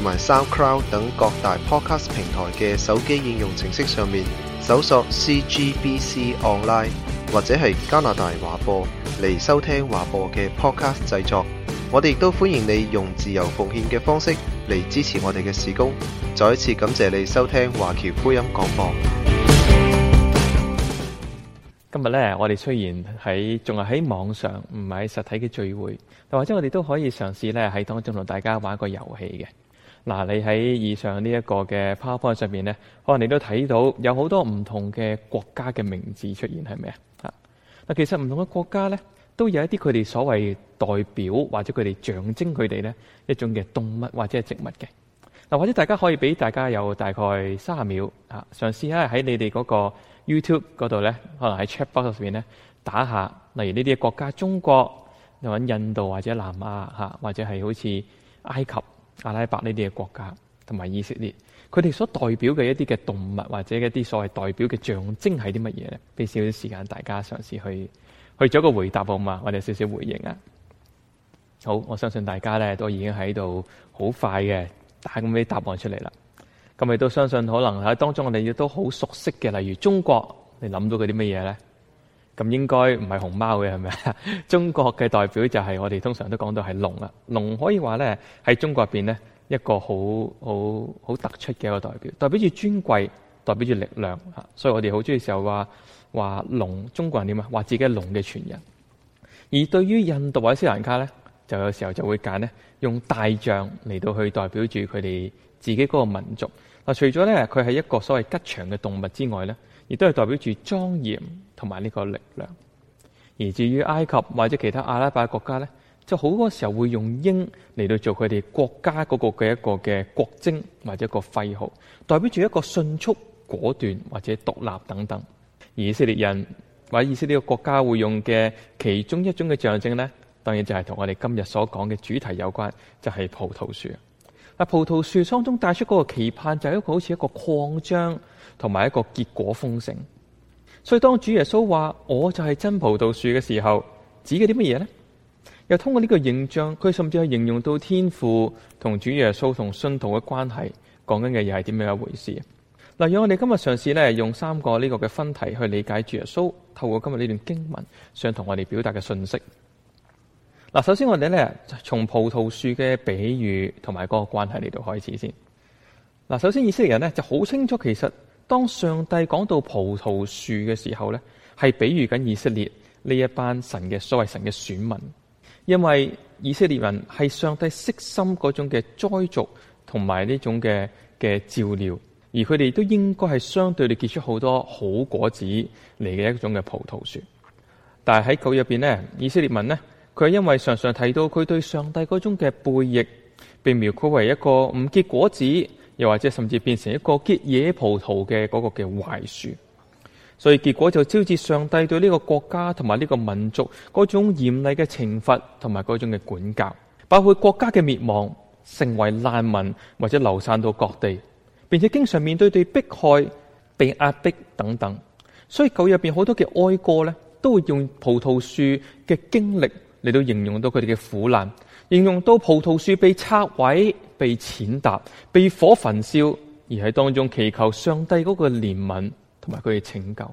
同埋 SoundCloud 等各大 Podcast 平台嘅手機應用程式上面搜索 CGBC Online 或者係加拿大華播嚟收聽華播嘅 Podcast 製作，我哋亦都歡迎你用自由奉獻嘅方式嚟支持我哋嘅事工。再一次感謝你收聽華僑福音廣播。今日咧，我哋雖然喺仲係喺網上，唔係喺實體嘅聚會，但或者我哋都可以嘗試咧喺當中同大家玩一個遊戲嘅。嗱、啊，你喺以上呢一個嘅 PowerPoint 上面咧，可能你都睇到有好多唔同嘅國家嘅名字出現，係咪啊？嗱，其實唔同嘅國家咧，都有一啲佢哋所謂代表或者佢哋象徵佢哋咧一種嘅動物或者係植物嘅。嗱、啊，或者大家可以俾大家有大概三十秒吓、啊、嘗試下，喺你哋嗰個 YouTube 嗰度咧，可能喺 Chat Box 上面咧打下，例如呢啲嘅國家，中國又揾印度或者南亞吓、啊，或者係好似埃及。阿拉伯呢啲嘅國家，同埋以色列，佢哋所代表嘅一啲嘅動物，或者一啲所謂代表嘅象徵係啲乜嘢咧？俾少少時間大家嘗試去去做個回答好嘛，我哋少少回應啊。好，我相信大家咧都已經喺度好快嘅打咁啲答案出嚟啦。咁亦都相信可能喺當中我哋亦都好熟悉嘅，例如中國，你諗到佢啲乜嘢咧？咁應該唔係熊貓嘅係咪？ 中國嘅代表就係我哋通常都講到係龍啦。龍可以話咧喺中國入邊咧一個好好好突出嘅一個代表，代表住尊貴，代表住力量嚇。所以我哋好中意時候話話龍，中國人點啊？話自己係龍嘅傳人。而對於印度或者斯蘭卡咧，就有時候就會揀咧用大象嚟到去代表住佢哋自己嗰個民族。嗱，除咗咧佢係一個所謂吉祥嘅動物之外咧。亦都係代表住莊嚴同埋呢個力量。而至於埃及或者其他阿拉伯的國家呢，就好多時候會用鷹嚟到做佢哋國家嗰個嘅一個嘅國徵或者一個徽號，代表住一個迅速、果斷或者獨立等等。而以色列人或者以色列個國家會用嘅其中一種嘅象徵呢，當然就係同我哋今日所講嘅主題有關，就係葡萄樹。啊！葡萄樹當中帶出嗰個期盼，就係一個好似一個擴張，同埋一個結果豐盛。所以當主耶穌話我就係真葡萄樹嘅時候，指嘅啲乜嘢呢？又通過呢個形象，佢甚至去形容到天父同主耶穌同信徒嘅關係，講緊嘅嘢係點樣一回事。嗱，讓我哋今日嘗試咧，用三個呢個嘅分題去理解主耶穌透過今日呢段經文想同我哋表達嘅信息。嗱，首先我哋咧從葡萄樹嘅比喻同埋嗰個關係嚟到開始先。嗱，首先以色列人咧就好清楚，其實當上帝講到葡萄樹嘅時候咧，係比喻緊以色列呢一班神嘅、所謂神嘅選民，因為以色列人係上帝悉心嗰種嘅栽種同埋呢種嘅嘅照料，而佢哋都應該係相對地結出好多好果子嚟嘅一種嘅葡萄樹。但係喺佢入邊呢，以色列人呢。佢因為常常提到佢對上帝嗰種嘅背逆，被描繪為一個唔結果子，又或者甚至變成一個結野葡萄嘅嗰個嘅壞樹，所以結果就招致上帝對呢個國家同埋呢個民族嗰種嚴厲嘅懲罰同埋嗰種嘅管教，包括國家嘅滅亡，成為難民或者流散到各地，並且經常面對對迫害、被壓迫等等。所以舊約入邊好多嘅哀歌呢，都會用葡萄樹嘅經歷。你都形容到佢哋嘅苦難，形容到葡萄樹被拆毀、被踐踏、被火焚燒，而喺當中祈求上帝嗰個憐憫同埋佢嘅拯救。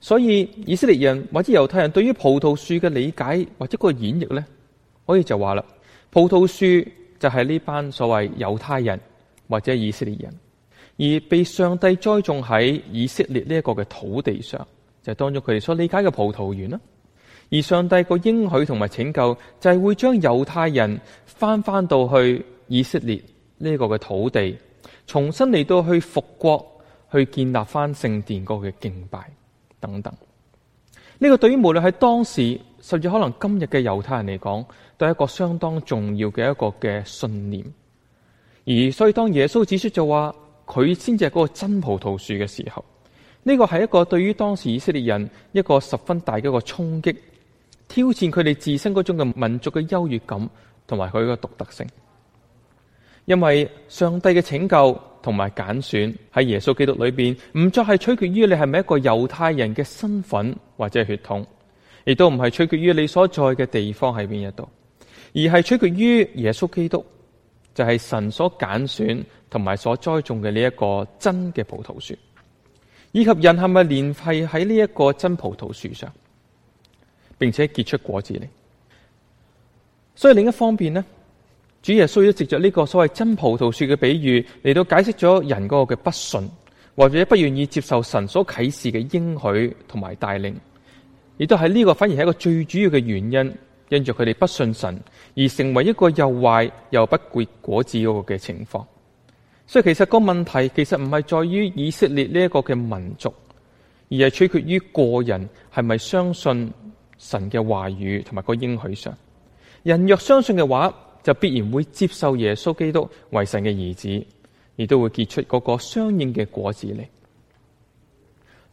所以以色列人或者猶太人對於葡萄樹嘅理解或者嗰個演繹咧，可以就話啦，葡萄樹就係呢班所謂猶太人或者以色列人，而被上帝栽種喺以色列呢一個嘅土地上，就係當中佢哋所理解嘅葡萄園啦。而上帝個應許同埋拯救，就係會將猶太人翻翻到去以色列呢個嘅土地，重新嚟到去復國，去建立翻聖殿國嘅敬拜等等。呢個對於無論喺當時甚至可能今日嘅猶太人嚟講，都係一個相當重要嘅一個嘅信念。而所以當耶穌指出就話佢先至係嗰個真葡萄樹嘅時候，呢個係一個對於當時以色列人一個十分大嘅一個衝擊。挑戰佢哋自身嗰種嘅民族嘅優越感同埋佢嘅獨特性，因為上帝嘅拯救同埋揀選喺耶穌基督裏邊，唔再係取決於你係咪一個猶太人嘅身份或者血統，亦都唔係取決於你所在嘅地方喺邊一度，而係取決於耶穌基督就係神所揀選同埋所栽種嘅呢一個真嘅葡萄樹，以及人係咪連繫喺呢一個真葡萄樹上。並且結出果子嚟，所以另一方面呢，主係需要藉着呢個所謂真葡萄樹嘅比喻嚟到解釋咗人嗰個嘅不信，或者不願意接受神所啟示嘅應許同埋帶領，亦都係呢個反而係一個最主要嘅原因，因住佢哋不信神而成為一個又壞又不結果子嗰個嘅情況。所以其實那個問題其實唔係在於以色列呢一個嘅民族，而係取決於個人係咪相信。神嘅話語同埋個應許上，人若相信嘅話，就必然會接受耶穌基督為神嘅兒子，亦都會結出嗰個相應嘅果子嚟。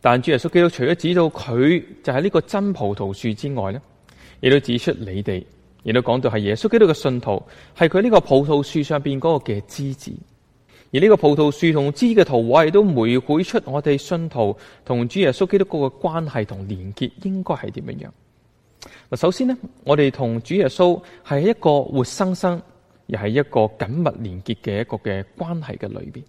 但主耶穌基督除咗指到佢就係呢個真葡萄樹之外咧，亦都指出你哋，亦都講到係耶穌基督嘅信徒，係佢呢個葡萄樹上邊嗰個嘅枝子。而呢個葡萄樹同枝嘅圖畫，亦都描繪出我哋信徒同主耶穌基督個關係同連結，應該係點樣樣？首先呢，我哋同主耶穌係一個活生生，又係一個緊密連結嘅一個嘅關係嘅裏邊，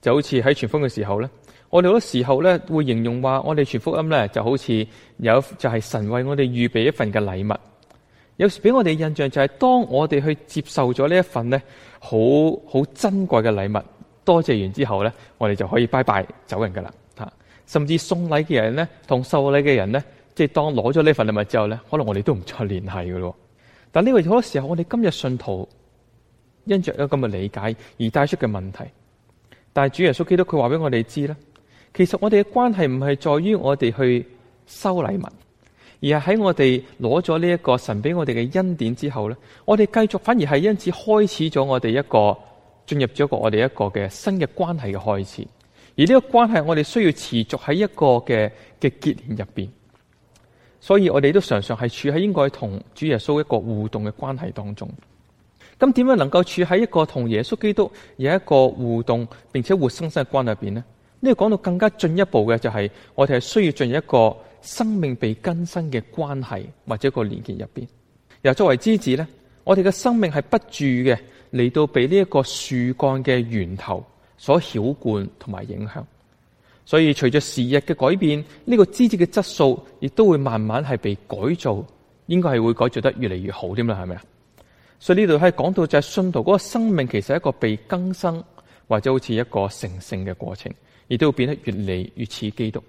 就好似喺傳，傳福音嘅時候咧，我哋好多時候咧會形容話，我哋傳福音咧就好似有就係神為我哋預備一份嘅禮物，有時俾我哋印象就係，當我哋去接受咗呢一份咧，好好珍貴嘅禮物，多謝完之後咧，我哋就可以拜拜走人噶啦，吓，甚至送禮嘅人咧，同受禮嘅人咧。即係當攞咗呢份禮物之後咧，可能我哋都唔再聯繫噶咯。但呢個好多時候，我哋今日信徒因着咗咁嘅理解而帶出嘅問題，但係主耶穌基督佢話俾我哋知咧，其實我哋嘅關係唔係在於我哋去收禮物，而係喺我哋攞咗呢一個神俾我哋嘅恩典之後咧，我哋繼續反而係因此開始咗我哋一個進入咗個我哋一個嘅新嘅關係嘅開始。而呢個關係我哋需要持續喺一個嘅嘅結連入邊。所以我哋都常常係處喺應該同主耶穌一個互動嘅關係當中。咁點樣能夠處喺一個同耶穌基督有一個互動並且活生生嘅關係入邊呢？呢度講到更加進一步嘅就係我哋係需要進入一個生命被更新嘅關係或者一個連結入邊。又作為枝子咧，我哋嘅生命係不住嘅嚟到被呢一個樹幹嘅源頭所澆灌同埋影響。所以，隨着時日嘅改變，呢、這個枝子嘅質素亦都會慢慢係被改造，應該係會改造得越嚟越好添啦，係咪啊？所以呢度係講到就係信徒嗰個生命，其實係一個被更生，或者好似一個成聖嘅過程，亦都會變得越嚟越似基督。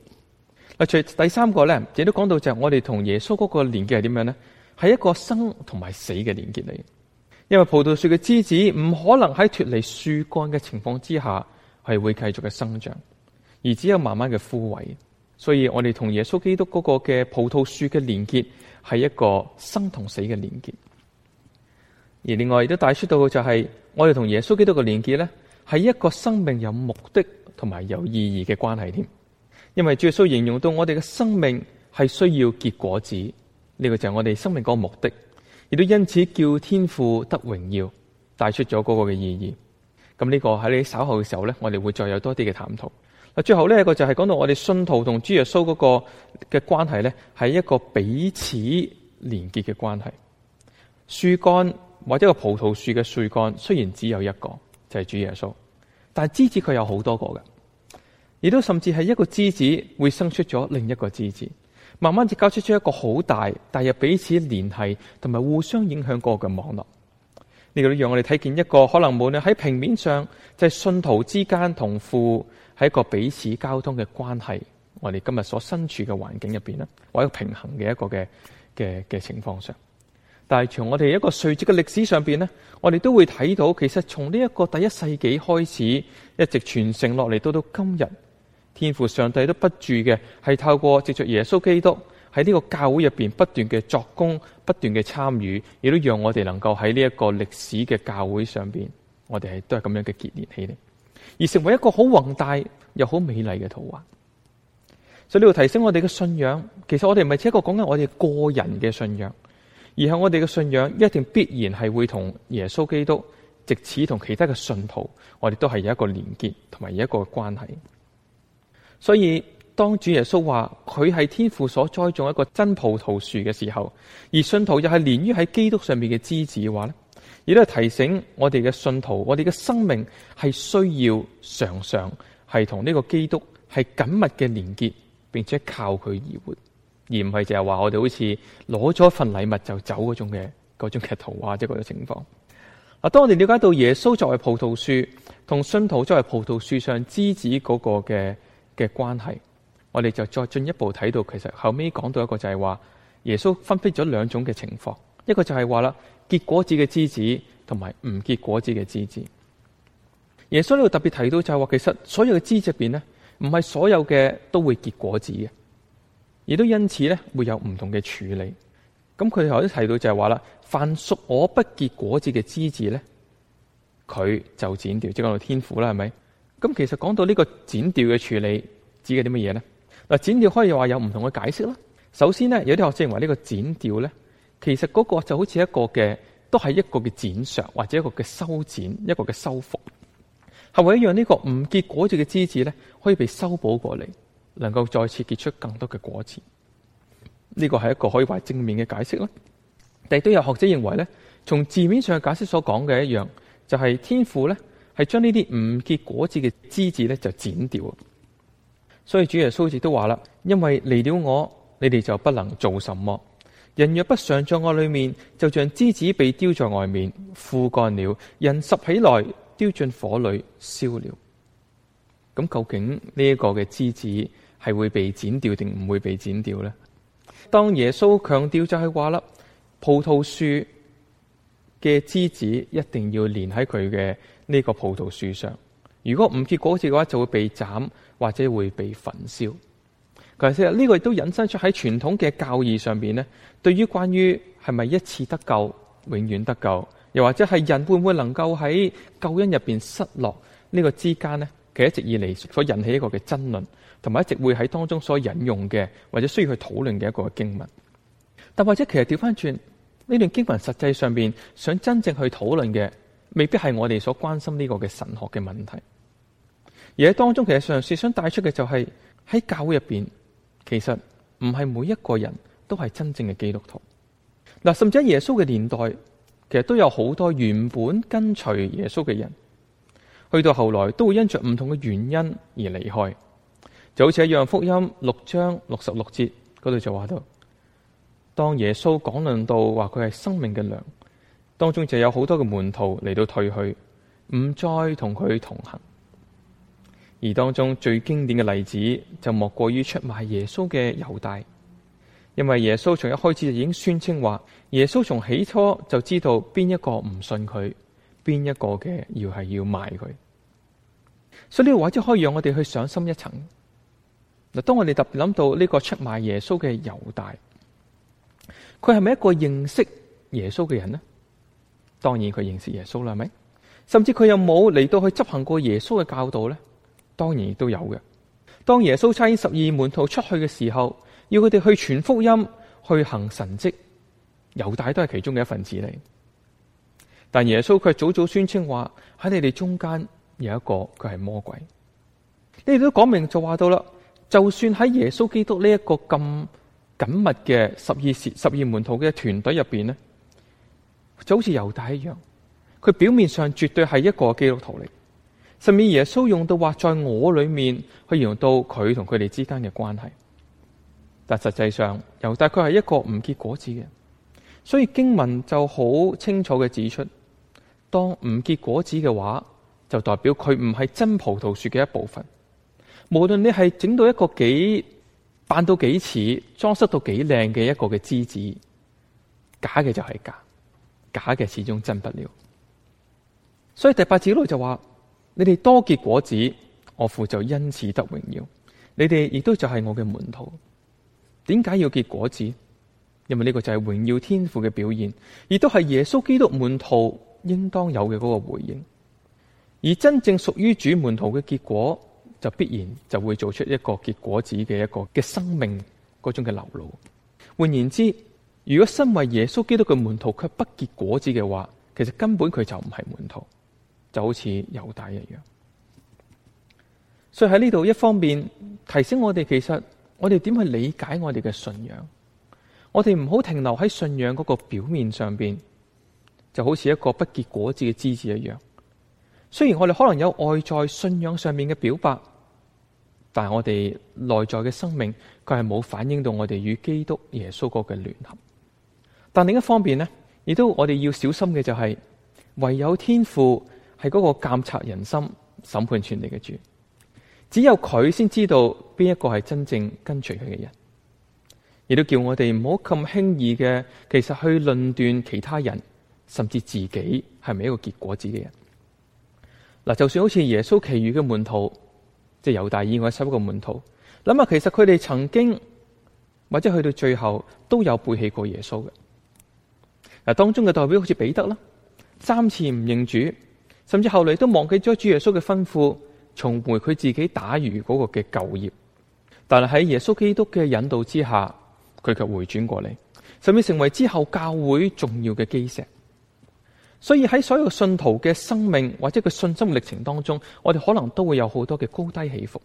嗱，除第三個咧，亦都講到就係我哋同耶穌嗰個連結係點樣咧？係一個生同埋死嘅連結嚟，因為葡萄樹嘅枝子唔可能喺脫離樹幹嘅情況之下係會繼續嘅生長。而只有慢慢嘅枯萎，所以我哋同耶穌基督嗰個嘅葡萄樹嘅連結係一個生同死嘅連結。而另外亦都帶出到嘅就係我哋同耶穌基督嘅連結咧，係一個生命有目的同埋有意義嘅關係添。因為耶穌形容到我哋嘅生命係需要結果子，呢個就係我哋生命個目的，亦都因此叫天父得榮耀，帶出咗嗰個嘅意義。咁呢個喺你稍後嘅時候咧，我哋會再有多啲嘅探討。最後呢一個就係講到我哋信徒同主耶穌嗰個嘅關係呢，係一個彼此連結嘅關係。樹幹或者個葡萄樹嘅樹幹雖然只有一個，就係主耶穌，但枝子佢有好多個嘅，亦都甚至係一個枝子會生出咗另一個枝子，慢慢就交出出一個好大，但又彼此連繫同埋互相影響過嘅網絡。呢個都讓我哋睇見一個可能無論喺平面上就係信徒之間同父，喺一個彼此交通嘅關係，我哋今日所身處嘅環境入邊咧，或者一個平衡嘅一個嘅嘅嘅情況上。但係從我哋一個垂直嘅歷史上邊咧，我哋都會睇到，其實從呢一個第一世紀開始，一直傳承落嚟到到今日，天父上帝都不住嘅係透過藉着耶穌基督喺呢個教會入邊不斷嘅作工，不斷嘅參與，亦都讓我哋能夠喺呢一個歷史嘅教會上邊，我哋係都係咁樣嘅結連起嚟。而成為一個好宏大又好美麗嘅圖畫，所以呢度提升我哋嘅信仰。其實我哋唔係只係一個講緊我哋個人嘅信仰，而係我哋嘅信仰一定必然係會同耶穌基督，藉此同其他嘅信徒，我哋都係有一個連結同埋有一個關係。所以當主耶穌話佢係天父所栽種一個真葡萄樹嘅時候，而信徒又係連於喺基督上面嘅枝子嘅話咧。而都提醒我哋嘅信徒，我哋嘅生命係需要常常係同呢個基督係緊密嘅連結，並且靠佢而活，而唔係就係話我哋好似攞咗一份禮物就走嗰種嘅嗰種嘅圖畫啊，即係嗰種情況。啊，當我哋了解到耶穌作為葡萄樹，同信徒作為葡萄樹上枝子嗰個嘅嘅關係，我哋就再進一步睇到，其實後尾講到一個就係話，耶穌分別咗兩種嘅情況。一個就係話啦，結果子嘅枝子同埋唔結果子嘅枝子。耶穌呢度特別提到就係話，其實所有嘅枝子入邊咧，唔係所有嘅都會結果子嘅，亦都因此咧會有唔同嘅處理。咁佢哋又都提到就係話啦，凡屬我不結果子嘅枝子咧，佢就剪掉，即係講到天父啦，係咪？咁其實講到呢個剪掉嘅處理指嘅啲乜嘢咧？嗱，剪掉可以話有唔同嘅解釋啦。首先咧，有啲學者認為呢個剪掉咧。其實嗰個就好似一個嘅，都係一個嘅剪削，或者一個嘅修剪，一個嘅修復，係為咗讓呢個唔結果子嘅枝子咧，可以被修補過嚟，能夠再次結出更多嘅果子。呢、這個係一個可以話正面嘅解釋啦。但都有學者認為咧，從字面上嘅解釋所講嘅一樣，就係、是、天父咧係將呢啲唔結果子嘅枝子咧就剪掉。所以主耶穌亦都話啦，因為離了我，你哋就不能做什麼。人若不常在我裡面，就像枝子被丟在外面枯乾了；人拾起來丟進火裡燒了。咁究竟呢一個嘅枝子係會被剪掉定唔會被剪掉呢？當耶穌強調就係話啦，葡萄樹嘅枝子一定要連喺佢嘅呢個葡萄樹上。如果唔結果子嘅話，就會被斬或者會被焚燒。其實呢個亦都引申出喺傳統嘅教義上邊咧，對於關於係咪一次得救永遠得救，又或者係人會唔會能夠喺救恩入邊失落呢個之間呢，其實一直以嚟所引起一個嘅爭論，同埋一直會喺當中所引用嘅或者需要去討論嘅一個經文。但或者其實調翻轉呢段經文，實際上邊想真正去討論嘅，未必係我哋所關心呢個嘅神學嘅問題。而喺當中其實嘗試想帶出嘅就係、是、喺教會入邊。其實唔係每一個人都係真正嘅基督徒。嗱，甚至喺耶穌嘅年代，其實都有好多原本跟隨耶穌嘅人，去到後來都會因着唔同嘅原因而離開。就好似《約翰福音》六章六十六節嗰度就話到，當耶穌講論到話佢係生命嘅糧，當中就有好多嘅門徒嚟到退去，唔再同佢同行。而當中最經典嘅例子就莫過於出賣耶穌嘅猶大，因為耶穌從一開始就已經宣稱話：耶穌從起初就知道邊一個唔信佢，邊一個嘅要係要賣佢。所以呢個話就可以讓我哋去想深一層。嗱，當我哋特別諗到呢個出賣耶穌嘅猶大，佢係咪一個認識耶穌嘅人呢？當然佢認識耶穌啦，係咪？甚至佢有冇嚟到去執行過耶穌嘅教導呢？當然亦都有嘅。當耶穌差十二門徒出去嘅時候，要佢哋去傳福音、去行神蹟，猶大都係其中嘅一份子嚟。但耶穌佢早早宣稱話喺你哋中間有一個，佢係魔鬼。你哋都講明就話到啦，就算喺耶穌基督呢一個咁緊密嘅十二十十二門徒嘅團隊入邊呢，就好似猶大一樣，佢表面上絕對係一個基督徒嚟。上面耶穌用到畫在我裡面去形容到佢同佢哋之間嘅關係，但實際上猶大概係一個唔結果子嘅，所以經文就好清楚嘅指出，當唔結果子嘅話，就代表佢唔係真葡萄樹嘅一部分。無論你係整到一個幾扮到幾似、裝飾到幾靚嘅一個嘅枝子，假嘅就係假，假嘅始終真不了。所以第八節裏就話。你哋多結果子，我父就因此得榮耀。你哋亦都就係我嘅門徒。點解要結果子？因為呢個就係榮耀天父嘅表現，亦都係耶穌基督門徒應當有嘅嗰個回應。而真正屬於主門徒嘅結果，就必然就會做出一個結果子嘅一個嘅生命嗰種嘅流露。換言之，如果身為耶穌基督嘅門徒卻不結果子嘅話，其實根本佢就唔係門徒。就好似猶大一樣，所以喺呢度一方面提醒我哋，其實我哋點去理解我哋嘅信仰？我哋唔好停留喺信仰嗰個表面上邊，就好似一個不結果子嘅枝子一樣。雖然我哋可能有外在信仰上面嘅表白，但係我哋內在嘅生命佢係冇反映到我哋與基督耶穌個嘅聯合。但另一方面呢亦都我哋要小心嘅就係、是、唯有天父。係嗰個監察人心、審判權利嘅主，只有佢先知道邊一個係真正跟隨佢嘅人，亦都叫我哋唔好咁輕易嘅，其實去論斷其他人，甚至自己係咪一個結果子嘅人。嗱，就算好似耶穌其餘嘅門徒，即係猶大以外十一個門徒，諗下其實佢哋曾經或者去到最後都有背棄過耶穌嘅。嗱，當中嘅代表好似彼得啦，三次唔認主。甚至後來都忘記咗主耶穌嘅吩咐，重回佢自己打魚嗰個嘅舊業。但係喺耶穌基督嘅引導之下，佢卻回轉過嚟，甚至成為之後教會重要嘅基石。所以喺所有信徒嘅生命或者佢信心歷程當中，我哋可能都會有好多嘅高低起伏。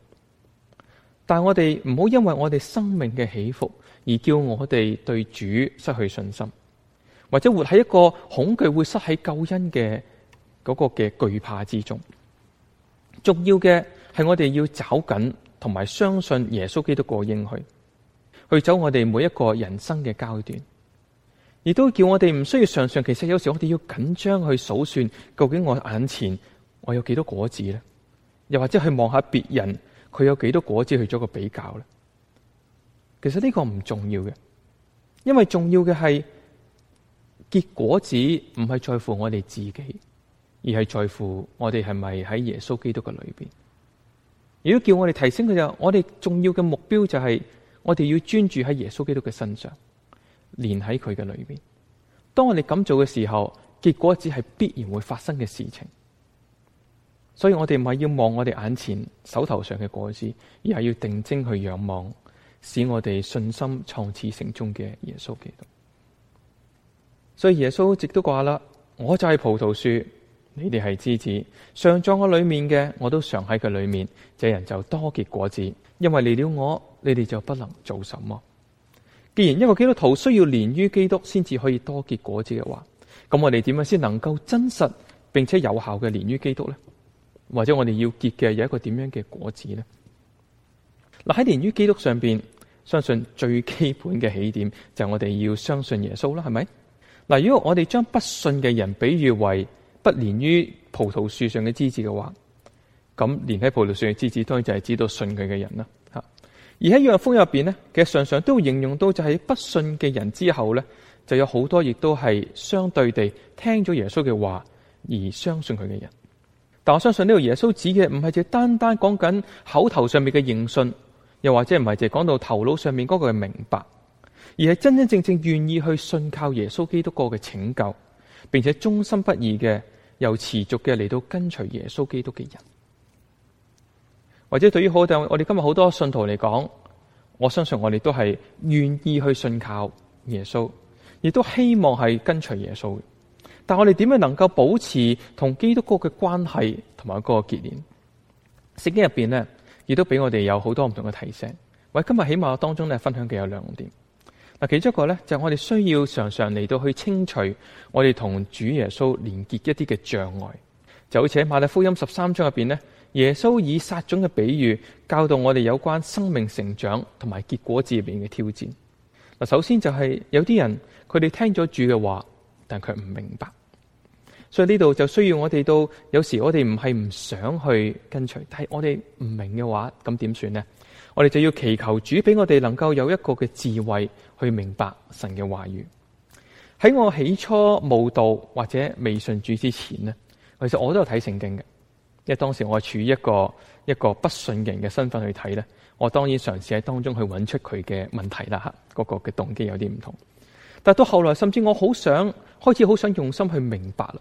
但係我哋唔好因為我哋生命嘅起伏而叫我哋對主失去信心，或者活喺一個恐懼會失去救恩嘅。嗰個嘅懼怕之中，重要嘅係我哋要找緊，同埋相信耶穌基督過應去，去走我哋每一個人生嘅階段，亦都叫我哋唔需要常常，其實有時候我哋要緊張去數算，究竟我眼前我有幾多果子咧？又或者去望下別人佢有幾多果子去做一個比較咧？其實呢個唔重要嘅，因為重要嘅係結果子唔係在乎我哋自己。而係在乎我哋係咪喺耶穌基督嘅裏邊？如果叫我哋提升佢，就，我哋重要嘅目標就係我哋要專注喺耶穌基督嘅身上，連喺佢嘅裏邊。當我哋咁做嘅時候，結果只係必然會發生嘅事情。所以我哋唔係要望我哋眼前手頭上嘅果子，而係要定睛去仰望，使我哋信心創始成終嘅耶穌基督。所以耶穌一直都話啦，我就係葡萄樹。你哋係枝子，常在我裏面嘅，我都常喺佢裏面。這人就多結果子，因為離了我，你哋就不能做什麼。既然一個基督徒需要連於基督，先至可以多結果子嘅話，咁我哋點樣先能夠真實並且有效嘅連於基督呢？或者我哋要結嘅有一個點樣嘅果子呢？嗱，喺連於基督上邊，相信最基本嘅起點就係我哋要相信耶穌啦，係咪？嗱，如果我哋將不信嘅人比喻為……不連於葡萄樹上嘅枝子嘅話，咁連喺葡萄樹嘅枝子，當然就係知道信佢嘅人啦。吓，而喺約翰福音入邊咧，其實常常都會形容到就係不信嘅人之後咧，就有好多亦都係相對地聽咗耶穌嘅話而相信佢嘅人。但我相信呢個耶穌指嘅唔係就單單講緊口頭上面嘅認信，又或者唔係就講到頭腦上面嗰個嘅明白，而係真真正正願意去信靠耶穌基督個嘅拯救。並且忠心不二嘅，又持續嘅嚟到跟隨耶穌基督嘅人，或者對於好多，我哋今日好多信徒嚟講，我相信我哋都係願意去信靠耶穌，亦都希望係跟隨耶穌的。但我哋點樣能夠保持同基督教嘅關係同埋一個結連？聖經入邊呢，亦都俾我哋有好多唔同嘅提醒。我喺今日起碼當中咧，分享嘅有兩點。嗱，其中一個咧，就係、我哋需要常常嚟到去清除我哋同主耶穌連結一啲嘅障礙，就好似喺馬太福音十三章入面，咧，耶穌以撒種嘅比喻教導我哋有關生命成長同埋結果子入面嘅挑戰。嗱，首先就係、係、有啲人佢哋聽咗主嘅話，但佢唔明白，所以呢度就需要我哋到有時我哋唔係唔想去跟隨，但係我哋唔明嘅話，咁點算呢？我哋就要祈求主俾我哋能夠有一個嘅智慧去明白神嘅話語。喺我起初慕道或者未信主之前咧，其實我都有睇聖經嘅，因為當時我係處於一個一個不信人嘅身份去睇咧，我當然嘗試喺當中去揾出佢嘅問題啦。吓，各個嘅動機有啲唔同，但到後來甚至我好想開始好想用心去明白啦。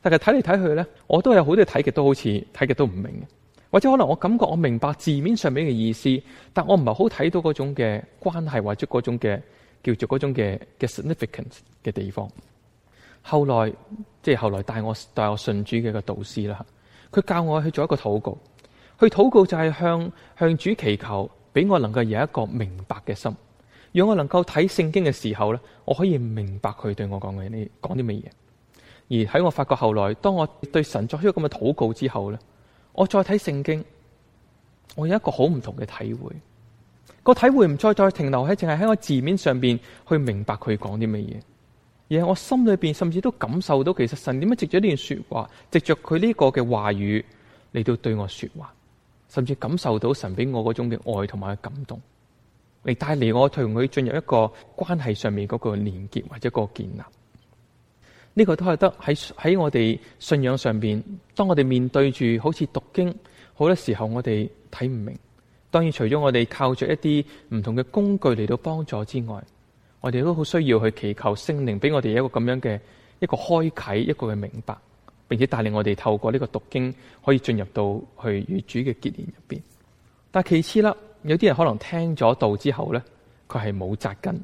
但係睇嚟睇去咧，我都有好多睇極都好似睇極都唔明嘅。或者可能我感覺我明白字面上面嘅意思，但我唔係好睇到嗰種嘅關係或者嗰種嘅叫做嗰種嘅嘅 significance 嘅地方。後來即係後來帶我帶我信主嘅一個導師啦，佢教我去做一個禱告，去禱告就係向向主祈求，俾我能夠有一個明白嘅心，讓我能夠睇聖經嘅時候咧，我可以明白佢對我講嘅呢講啲乜嘢。而喺我發覺後來，當我對神作出個咁嘅禱告之後咧。我再睇聖經，我有一個好唔同嘅體會，個體會唔再再停留喺，淨係喺我字面上邊去明白佢講啲乜嘢，而係我心裏邊，甚至都感受到，其實神點樣藉著呢段說話，藉著佢呢個嘅話語嚟到對我說話，甚至感受到神俾我嗰種嘅愛同埋感動，嚟帶嚟我同佢進入一個關係上面嗰個連結或者個建立。呢個都係得喺喺我哋信仰上邊。當我哋面對住好似讀經好多時候，我哋睇唔明。當然，除咗我哋靠着一啲唔同嘅工具嚟到幫助之外，我哋都好需要去祈求聖靈俾我哋一個咁樣嘅一個開啟，一個嘅明白，並且帶領我哋透過呢個讀經可以進入到去與主嘅結連入邊。但其次啦，有啲人可能聽咗道之後呢，佢係冇紮根。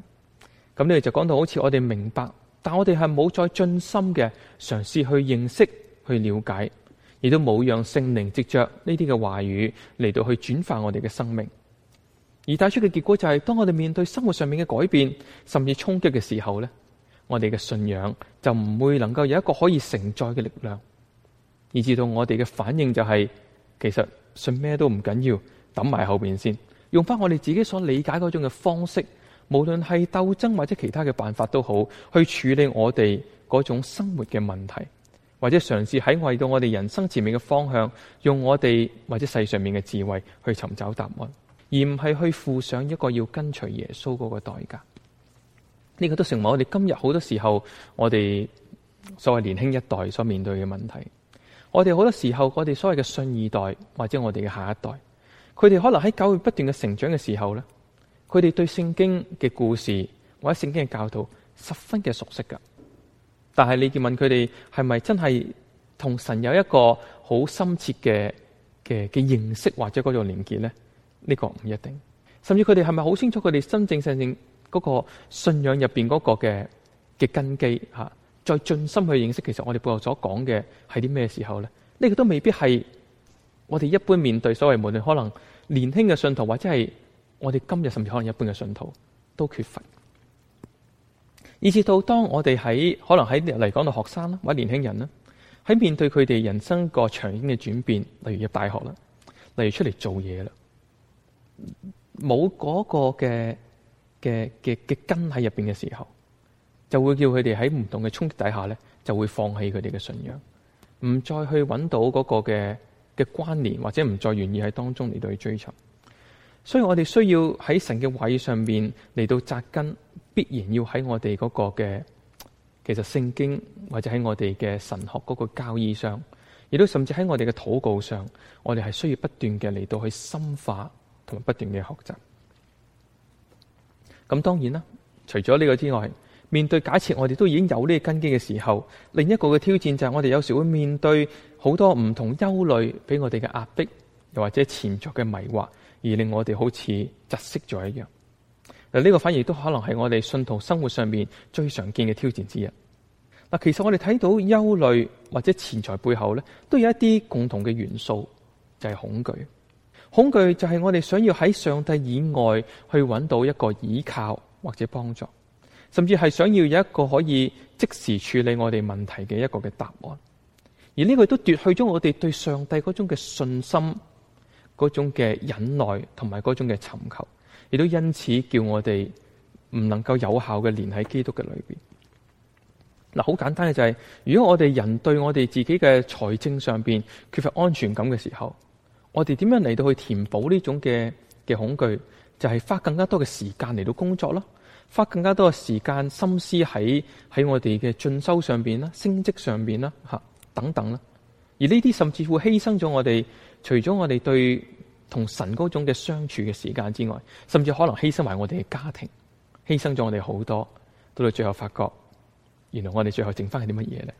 咁你哋就講到好似我哋明白。但我哋係冇再盡心嘅嘗試去認識、去了解，亦都冇讓聖靈藉著呢啲嘅話語嚟到去轉化我哋嘅生命，而帶出嘅結果就係，當我哋面對生活上面嘅改變，甚至衝擊嘅時候呢，我哋嘅信仰就唔會能夠有一個可以承載嘅力量，而至到我哋嘅反應就係，其實信咩都唔緊要，抌埋後邊先，用翻我哋自己所理解嗰種嘅方式。無論係鬥爭或者其他嘅辦法都好，去處理我哋嗰種生活嘅問題，或者嘗試喺為到我哋人生前面嘅方向，用我哋或者世上面嘅智慧去尋找答案，而唔係去附上一個要跟隨耶穌嗰個代價。呢個都成為我哋今日好多時候我哋所謂年輕一代所面對嘅問題。我哋好多時候，我哋所謂嘅信二代或者我哋嘅下一代，佢哋可能喺教育不斷嘅成長嘅時候佢哋對聖經嘅故事或者聖經嘅教導十分嘅熟悉噶，但係你要問佢哋係咪真係同神有一個好深切嘅嘅嘅認識或者嗰種連結咧？呢個唔一定。甚至佢哋係咪好清楚佢哋真正真正嗰個信仰入邊嗰個嘅嘅根基吓？再盡心去認識，其實我哋背後所講嘅係啲咩時候咧？呢個都未必係我哋一般面對所謂門徒，可能年輕嘅信徒或者係。我哋今日甚至可能一般嘅信徒都缺乏，以至到當我哋喺可能喺嚟講到學生啦，或者年輕人啦，喺面對佢哋人生個長遠嘅轉變，例如入大學啦，例如出嚟做嘢啦，冇嗰個嘅嘅嘅嘅根喺入邊嘅時候，就會叫佢哋喺唔同嘅衝擊底下咧，就會放棄佢哋嘅信仰，唔再去揾到嗰個嘅嘅關聯，或者唔再願意喺當中嚟到去追尋。所以我哋需要喺神嘅位上面嚟到扎根，必然要喺我哋嗰個嘅其實聖經，或者喺我哋嘅神學嗰個教義上，亦都甚至喺我哋嘅禱告上，我哋係需要不斷嘅嚟到去深化，同埋不斷嘅學習。咁當然啦，除咗呢個之外，面對假設我哋都已經有呢個根基嘅時候，另一個嘅挑戰就係我哋有時會面對好多唔同憂慮，俾我哋嘅壓迫，又或者錢財嘅迷惑。而令我哋好似窒息咗一樣。嗱，呢個反而都可能係我哋信徒生活上面最常見嘅挑戰之一。嗱，其實我哋睇到憂慮或者錢財背後咧，都有一啲共同嘅元素，就係恐懼。恐懼就係我哋想要喺上帝以外去揾到一個依靠或者幫助，甚至係想要有一個可以即時處理我哋問題嘅一個嘅答案。而呢個都奪去咗我哋對上帝嗰種嘅信心。嗰種嘅忍耐同埋嗰種嘅尋求，亦都因此叫我哋唔能夠有效嘅連喺基督嘅裏邊。嗱、啊，好簡單嘅就係、是，如果我哋人對我哋自己嘅財政上邊缺乏安全感嘅時候，我哋點樣嚟到去填補呢種嘅嘅恐懼？就係、是、花更加多嘅時間嚟到工作咯，花更加多嘅時間心思喺喺我哋嘅進修上邊啦、升職上邊啦、吓、啊、等等啦。而呢啲甚至乎犧牲咗我哋。除咗我哋對同神嗰種嘅相處嘅時間之外，甚至可能犧牲埋我哋嘅家庭，犧牲咗我哋好多，到到最後發覺，原來我哋最後剩翻係啲乜嘢咧？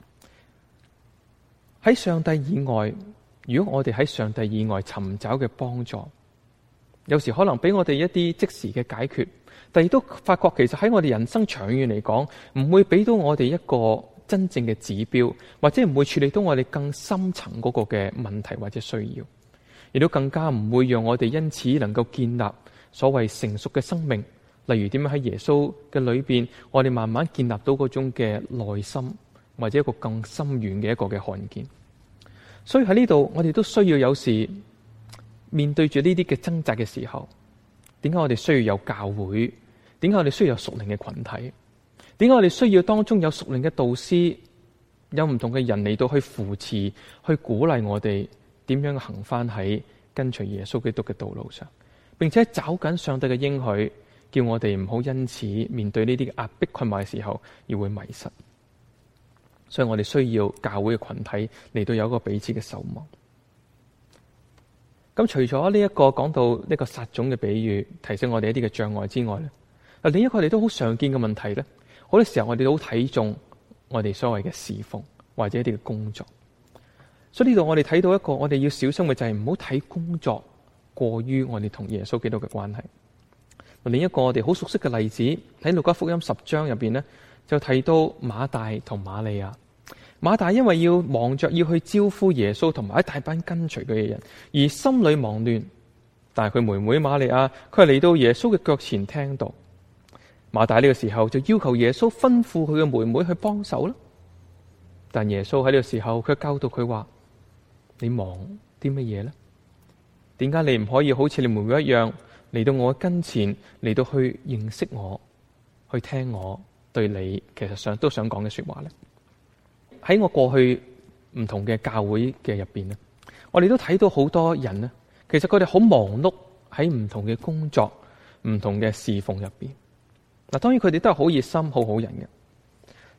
喺上帝以外，如果我哋喺上帝以外尋找嘅幫助，有時可能俾我哋一啲即時嘅解決，但亦都發覺其實喺我哋人生長遠嚟講，唔會俾到我哋一個真正嘅指標，或者唔會處理到我哋更深層嗰個嘅問題或者需要。亦都更加唔會讓我哋因此能夠建立所謂成熟嘅生命，例如點樣喺耶穌嘅裏邊，我哋慢慢建立到嗰種嘅內心，或者一個更深遠嘅一個嘅看見。所以喺呢度，我哋都需要有時面對住呢啲嘅掙扎嘅時候，點解我哋需要有教會？點解我哋需要有屬靈嘅群體？點解我哋需要當中有屬靈嘅導師，有唔同嘅人嚟到去扶持、去鼓勵我哋？點樣行返喺跟隨耶穌基督嘅道路上，並且找緊上帝嘅應許，叫我哋唔好因此面對呢啲嘅壓迫困埋嘅時候而會迷失。所以我哋需要教會嘅群體嚟到有一個彼此嘅守望。咁除咗呢一個講到呢個撒種嘅比喻，提醒我哋一啲嘅障礙之外咧，另一個我哋都好常見嘅問題咧，好多時候我哋都好睇重我哋所謂嘅侍奉或者一啲嘅工作。所以呢度我哋睇到一個，我哋要小心嘅就係唔好睇工作過於我哋同耶穌基督嘅關係。另一個我哋好熟悉嘅例子喺《路加福音》十章入邊呢，就睇到馬大同瑪利亞。馬大因為要忙着要去招呼耶穌同埋一大班跟隨佢嘅人，而心裏忙亂。但係佢妹妹瑪利亞，佢係嚟到耶穌嘅腳前聽到，馬大呢個時候就要求耶穌吩咐佢嘅妹妹去幫手啦。但耶穌喺呢個時候，佢教導佢話，你忙啲乜嘢咧？點解你唔可以好似你妹妹一樣嚟到我跟前，嚟到去認識我，去聽我對你其實想都想講嘅說話咧？喺我過去唔同嘅教會嘅入邊咧，我哋都睇到好多人呢，其實佢哋好忙碌喺唔同嘅工作、唔同嘅侍奉入邊。嗱，當然佢哋都係好熱心、好好人嘅。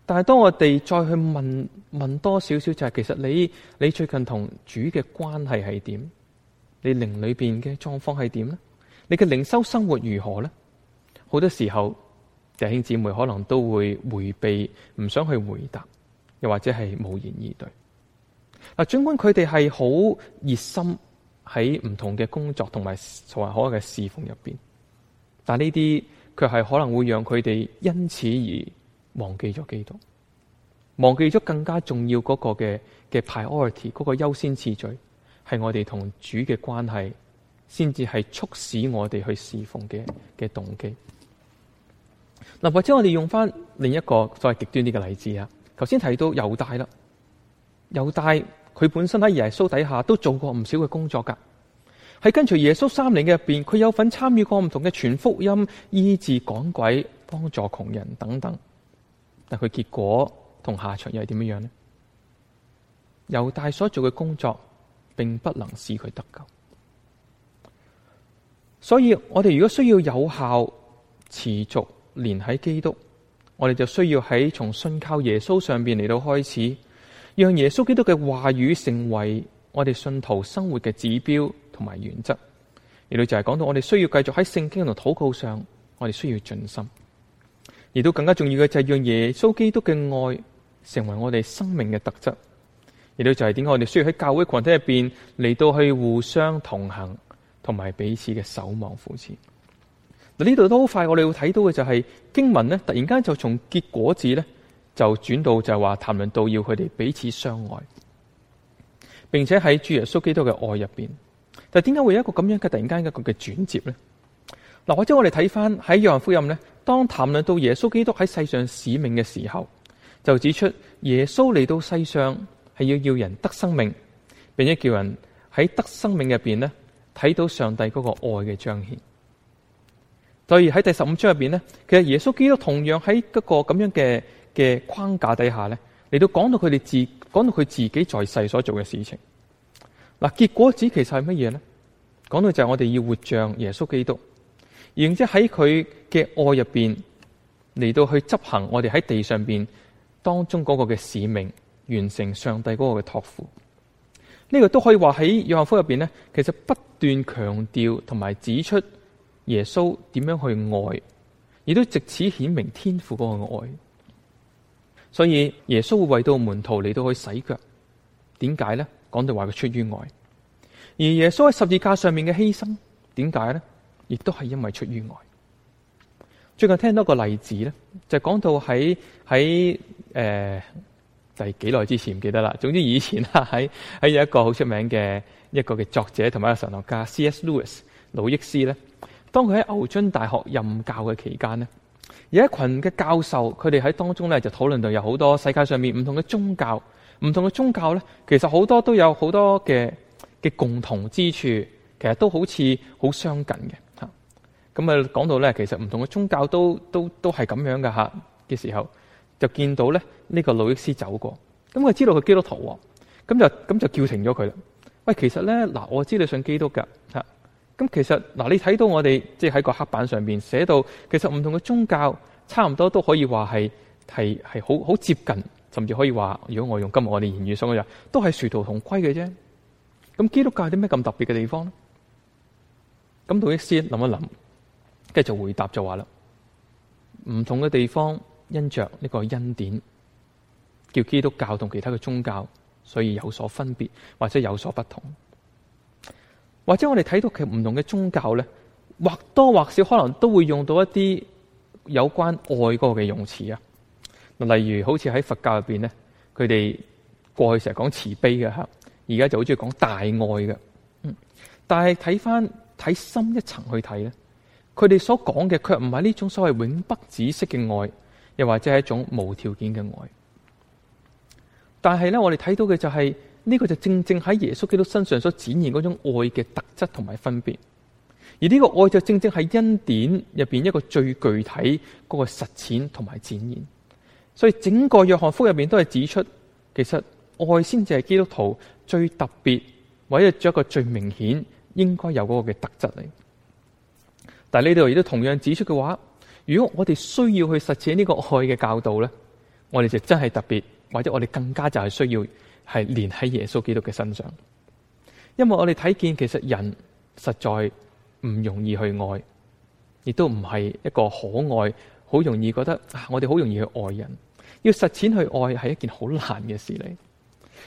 但係當我哋再去問問多少少，就是，就係其實你你最近同主嘅關係係點？你靈裏邊嘅狀況係點咧？你嘅靈修生活如何咧？好多時候弟兄姊妹可能都會回避，唔想去回答，又或者係無言以對。嗱，盡管佢哋係好熱心喺唔同嘅工作同埋同埋所謂嘅侍奉入邊，但呢啲卻係可能會讓佢哋因此而。忘記咗基督，忘記咗更加重要嗰個嘅嘅 priority 嗰個優先次序，係我哋同主嘅關係，先至係促使我哋去侍奉嘅嘅動機。嗱、啊，或者我哋用翻另一個所謂極端啲嘅例子啊。頭先提到猶大啦，猶大佢本身喺耶穌底下都做過唔少嘅工作噶，係跟隨耶穌三年嘅入邊，佢有份參與過唔同嘅傳福音、醫治趕鬼、幫助窮人等等。但佢結果同下場又係點樣呢？咧？猶大所做嘅工作，並不能使佢得救。所以我哋如果需要有效持續連喺基督，我哋就需要喺從信靠耶穌上邊嚟到開始，讓耶穌基督嘅話語成為我哋信徒生活嘅指標同埋原則。原來就係講到，我哋需要繼續喺聖經同禱告上，我哋需要盡心。而到更加重要嘅就係讓耶穌基督嘅愛成為我哋生命嘅特質，亦都就係點解我哋需要喺教會群體入邊嚟到去互相同行，同埋彼此嘅守望扶持。嗱呢度都好快我、就是，我哋會睇到嘅就係經文咧，突然間就從結果子咧就轉到就係話談論到要佢哋彼此相愛，並且喺主耶穌基督嘅愛入邊。但係點解會有一個咁樣嘅突然間一個嘅轉折咧？嗱，或者我哋睇翻喺《約翰福音》咧，當談論到耶穌基督喺世上使命嘅時候，就指出耶穌嚟到世上係要要人得生命，並且叫人喺得生命入邊咧睇到上帝嗰個愛嘅彰顯。所以喺第十五章入邊咧，其實耶穌基督同樣喺嗰個咁樣嘅嘅框架底下咧嚟到講到佢哋自講到佢自己在世所做嘅事情嗱，結果指其實係乜嘢咧？講到就係我哋要活像耶穌基督。然之後喺佢嘅愛入邊嚟到去執行我哋喺地上邊當中嗰個嘅使命，完成上帝嗰個嘅託付。呢、這個都可以話喺約翰福音入邊呢，其實不斷強調同埋指出耶穌點樣去愛，亦都借此顯明天父嗰個愛。所以耶穌會為到門徒嚟到去洗腳，點解呢？講到話佢出於愛，而耶穌喺十字架上面嘅犧牲，點解呢？亦都係因為出於外。最近聽到個例子咧，就是，講到喺喺誒第幾耐之前唔記得啦。總之以前啦喺喺一個好出名嘅一個嘅作者同埋一個神學家 C.S. Lewis 魯益斯咧，當佢喺牛津大學任教嘅期間呢，有一群嘅教授，佢哋喺當中咧就討論到有好多世界上面唔同嘅宗教，唔同嘅宗教咧，其實好多都有好多嘅嘅共同之處，其實都好似好相近嘅。咁啊，講到咧，其實唔同嘅宗教都都都係咁樣噶吓嘅時候，就見到咧呢個路易斯走過，咁佢知道佢基督徒喎，咁就咁就叫停咗佢啦。喂，其實咧嗱，我知道你信基督噶吓，咁其實嗱，你睇到我哋即係喺個黑板上邊寫到，其實唔同嘅宗教差唔多都可以話係係係好好接近，甚至可以話，如果我用今日我哋言語上，嚟講，都係殊途同歸嘅啫。咁基督教有啲咩咁特別嘅地方咧？咁路易斯諗一諗。跟住就回答就話啦，唔同嘅地方因着呢個恩典，叫基督教同其他嘅宗教，所以有所分別或者有所不同，或者我哋睇到其實唔同嘅宗教咧，或多或少可能都會用到一啲有關愛嗰個嘅用詞啊。嗱，例如好似喺佛教入邊咧，佢哋過去成日講慈悲嘅吓，而家就好中意講大愛嘅，嗯。但係睇翻睇深一層去睇咧。佢哋所講嘅，卻唔係呢種所謂永不止息嘅愛，又或者係一種無條件嘅愛。但係咧，我哋睇到嘅就係，呢個就正正喺耶穌基督身上所展現嗰種愛嘅特質同埋分別。而呢個愛就正正係恩典入邊一個最具體嗰個實踐同埋展現。所以整個約翰福音入邊都係指出，其實愛先至係基督徒最特別，或者係一個最明顯應該有嗰個嘅特質嚟。但呢度亦都同樣指出嘅話，如果我哋需要去實踐呢個愛嘅教導咧，我哋就真係特別，或者我哋更加就係需要係連喺耶穌基督嘅身上，因為我哋睇見其實人實在唔容易去愛，亦都唔係一個可愛，好容易覺得我哋好容易去愛人，要實踐去愛係一件好難嘅事嚟。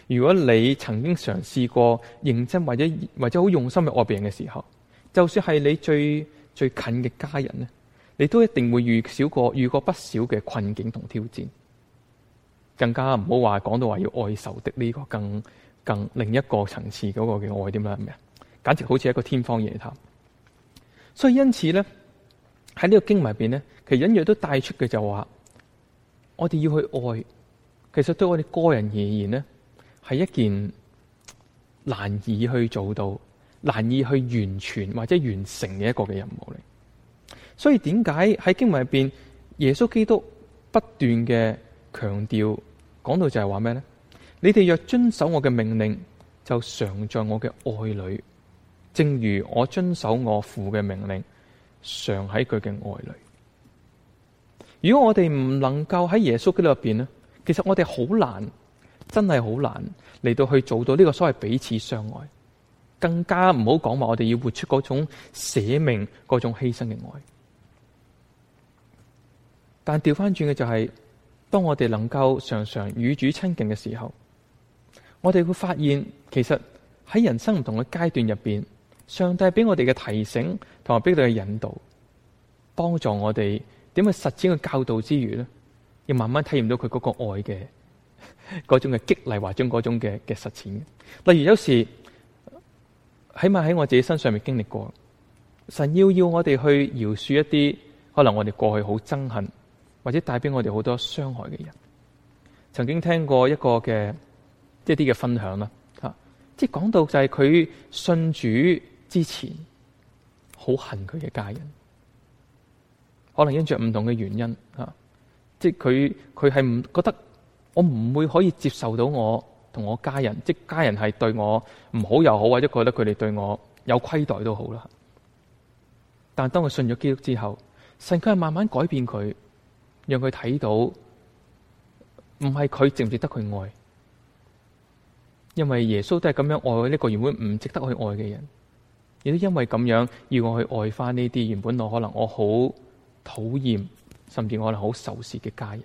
如果你曾經嘗試試過認真或者或者好用心去愛別人嘅時候，就算係你最最近嘅家人咧，你都一定會遇少過遇過不少嘅困境同挑戰，更加唔好話講到話要愛仇敵呢個更更另一個層次嗰個嘅愛點樣咩啊？簡直好似一個天方夜譚。所以因此咧，喺呢個經文入邊咧，其實隱約都帶出嘅就話，我哋要去愛，其實對我哋個人而言咧，係一件難以去做到。難以去完全或者完成嘅一個嘅任務嚟，所以點解喺經文入邊，耶穌基督不斷嘅強調，講到就係話咩咧？你哋若遵守我嘅命令，就常在我嘅愛裏，正如我遵守我父嘅命令，常喺佢嘅愛裏。如果我哋唔能夠喺耶穌基督入邊咧，其實我哋好難，真係好難嚟到去做到呢個所謂彼此相愛。更加唔好講話，我哋要活出嗰種捨命、嗰種犧牲嘅愛。但掉返轉嘅就係、是，當我哋能夠常常與主親近嘅時候，我哋會發現，其實喺人生唔同嘅階段入邊，上帝俾我哋嘅提醒，同埋俾我哋嘅引導，幫助我哋點去實踐嘅教導之餘呢要慢慢體驗到佢嗰個愛嘅嗰種嘅激勵，或者嗰種嘅嘅實踐。例如有時。起碼喺我自己身上面經歷過，神要要我哋去饒恕一啲可能我哋過去好憎恨或者帶俾我哋好多傷害嘅人。曾經聽過一個嘅一啲嘅分享啦，吓、啊，即係講到就係佢信主之前，好恨佢嘅家人，可能因着唔同嘅原因吓、啊，即係佢佢係唔覺得我唔會可以接受到我。同我家人，即家人係對我唔好又好，或者覺得佢哋對我有虧待都好啦。但當佢信咗基督之後，神佢係慢慢改變佢，讓佢睇到唔係佢值唔值得佢愛，因為耶穌都係咁樣愛呢，這個原本唔值得佢愛嘅人，亦都因為咁樣要我去愛翻呢啲原本我可能我好討厭，甚至我可能好仇視嘅家人。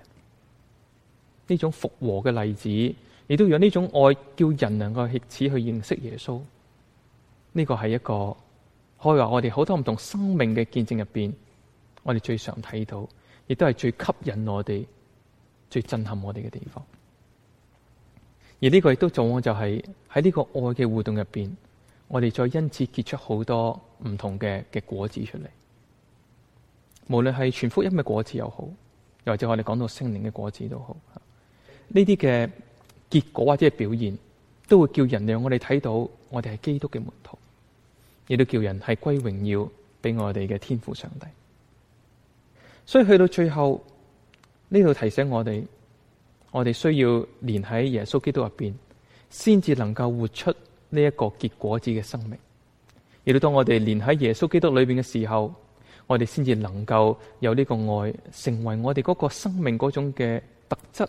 呢種復和嘅例子。亦都有呢種愛，叫人能夠借此去認識耶穌。呢個係一個可以話，我哋好多唔同生命嘅見證入邊，我哋最常睇到，亦都係最吸引我哋、最震撼我哋嘅地方。而呢個亦都往往就係喺呢個愛嘅互動入邊，我哋再因此結出好多唔同嘅嘅果子出嚟。無論係全福音嘅果子又好，又或者我哋講到聖靈嘅果子都好，呢啲嘅。結果或者係表現，都會叫人讓我哋睇到我哋係基督嘅門徒，亦都叫人係歸榮耀俾我哋嘅天父上帝。所以去到最後呢度提醒我哋，我哋需要連喺耶穌基督入邊，先至能夠活出呢一個結果子嘅生命。亦都當我哋連喺耶穌基督裏邊嘅時候，我哋先至能夠有呢個愛，成為我哋嗰個生命嗰種嘅特質。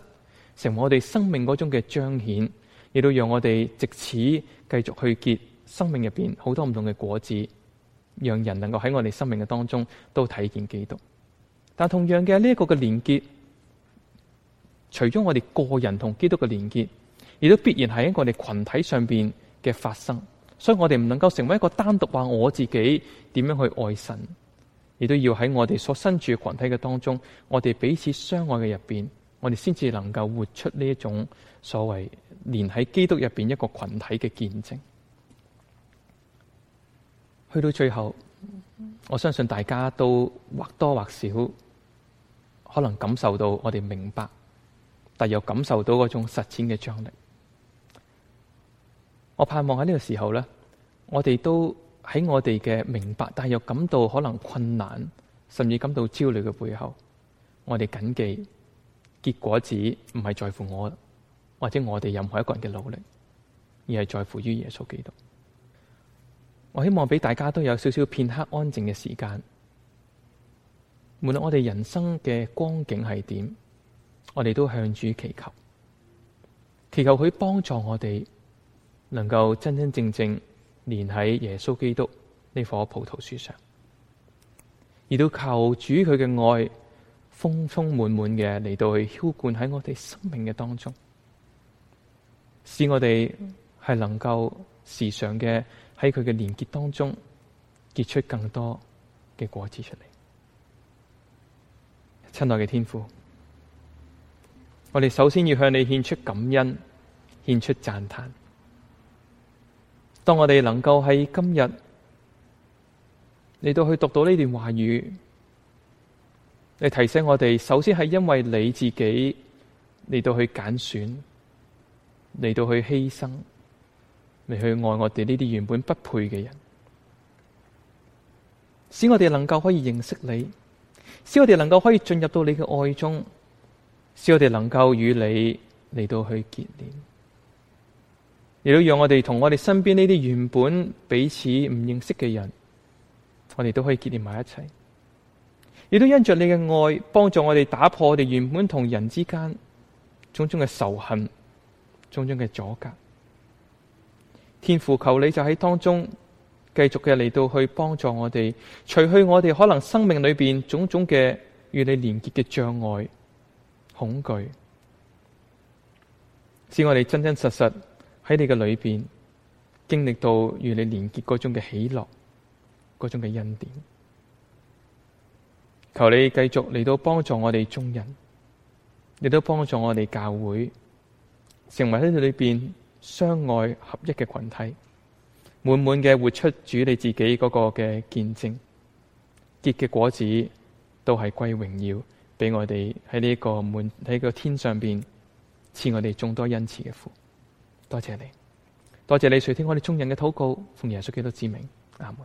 成為我哋生命嗰種嘅彰顯，亦都讓我哋藉此繼續去結生命入邊好多唔同嘅果子，讓人能夠喺我哋生命嘅當中都體現基督。但同樣嘅呢一個嘅連結，除咗我哋個人同基督嘅連結，亦都必然係喺我哋群體上邊嘅發生。所以我哋唔能夠成為一個單獨話我自己點樣去愛神，亦都要喺我哋所身處嘅群體嘅當中，我哋彼此相愛嘅入邊。我哋先至能夠活出呢一種所謂連喺基督入邊一個群體嘅見證，去到最後，我相信大家都或多或少可能感受到我哋明白，但又感受到嗰種實踐嘅張力。我盼望喺呢個時候呢，我哋都喺我哋嘅明白，但又感到可能困難，甚至感到焦慮嘅背後，我哋謹記。結果子唔係在乎我或者我哋任何一個人嘅努力，而係在乎於耶穌基督。我希望俾大家都有少少片刻安靜嘅時間。無論我哋人生嘅光景係點，我哋都向主祈求，祈求佢幫助我哋能夠真真正正連喺耶穌基督呢棵葡萄樹上，而到求主佢嘅愛豐豐滿滿嘅嚟到去澆灌喺我哋生命嘅當中，使我哋係能夠時常嘅喺佢嘅連結當中結出更多嘅果子出嚟。親愛嘅天父，我哋首先要向你獻出感恩，獻出讚嘆。當我哋能夠喺今日嚟到去讀到呢段話語，你提醒我哋，首先係因為你自己嚟到去揀選，嚟到去犧牲，嚟去愛我哋呢啲原本不配嘅人，使我哋能夠可以認識你，使我哋能夠可以進入到你嘅愛中，使我哋能夠與你嚟到去結連，亦都讓我哋同我哋身邊呢啲原本彼此唔認識嘅人，我哋都可以結連埋一齊。亦都因着你嘅愛，幫助我哋打破我哋原本同人之間種種嘅仇恨、種種嘅阻隔。天父求你就喺當中繼續嘅嚟到去幫助我哋，除去我哋可能生命裏邊種種嘅與你連結嘅障礙、恐懼，使我哋真真實實喺你嘅裏邊，經歷到與你連結嗰種嘅喜樂、嗰種嘅恩典。求你繼續嚟到幫助我哋眾人，亦都幫助我哋教會，成為喺裏邊相愛合一嘅群體，滿滿嘅活出主你自己嗰個嘅見證，結嘅果子都係歸榮耀，俾我哋喺呢個滿喺個天上邊賜我哋眾多恩賜嘅福。多謝你，多謝你，垂聽我哋眾人嘅禱告，奉耶穌基督之名，阿門。